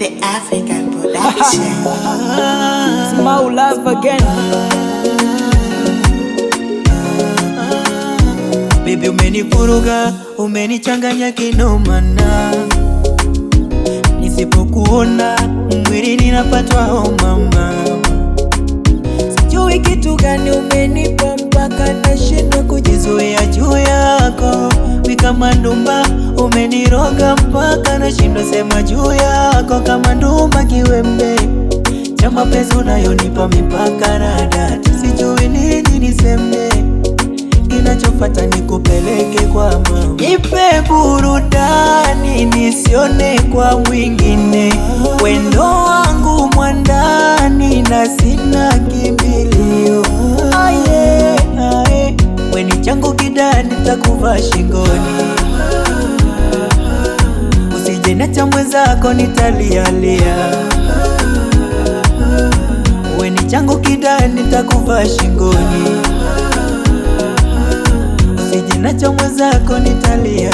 the African production. Small love again. Baby, umenivuruga, umenichanganya kinomana, nisipokuona mwili ninapatwa homa mama, sijui kitu gani umenipa mpaka nashindwa kujizuia juu yako, wikamandumba Umeniroga mpaka nashindwa sema juu yako kama nduma kiwembe cha mapenzi unayonipa mipaka na data, sijui nini niseme, kinachofata ni kupeleke kwa mama. Nipe burudani nisione kwa mwingine, wendo wangu mwandani na sina kimbilio aye, aye, weni changu kidani takuvaa shingoni nina cha mwenzako nitalialia, we ni changu kidani, nitakuva shingoni. Sijina cha mwenzako nitalialia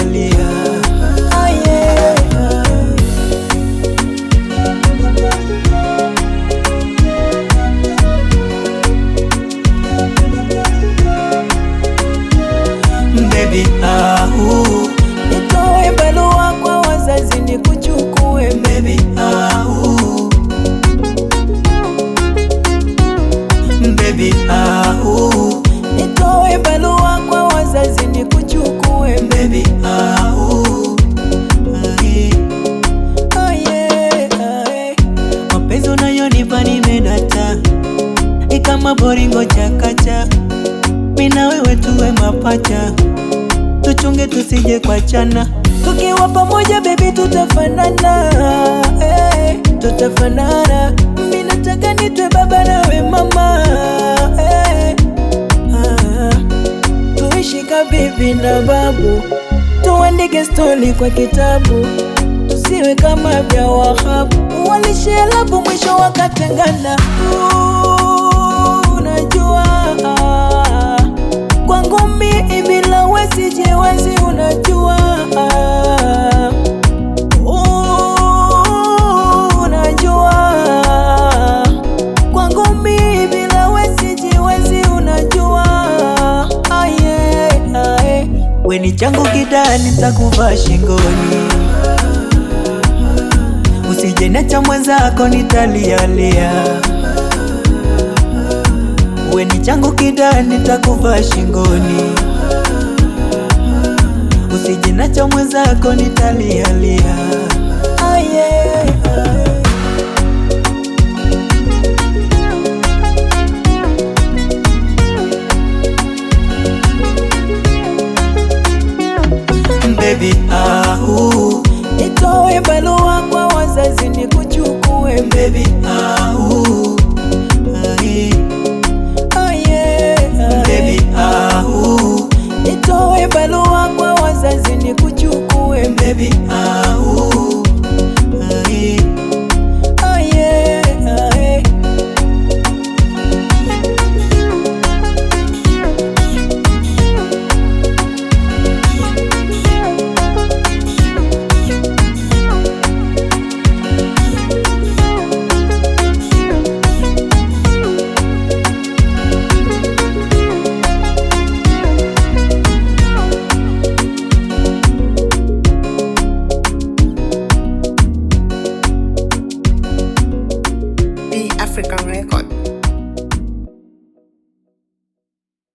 baby ah, uh. Nitoe balua kwa wazazi nikuchukue baby ah, uh. Oh, yeah, kama boringo chakacha, mina wewe tuwe mapacha, tuchunge tusije kwa chana tukiwa pamoja baby tutafanana, hey, eh, tutafanana bibi na babu, tuandike stori kwa kitabu, tusiwe kama vya Wahabu labu mwisho wakatengana. ni changu kidani, nitakuvaa shingoni, usije na cha mwenzako nitalialia. We ni changu kidani, nitakuvaa shingoni, usije na cha mwenzako nitalialia.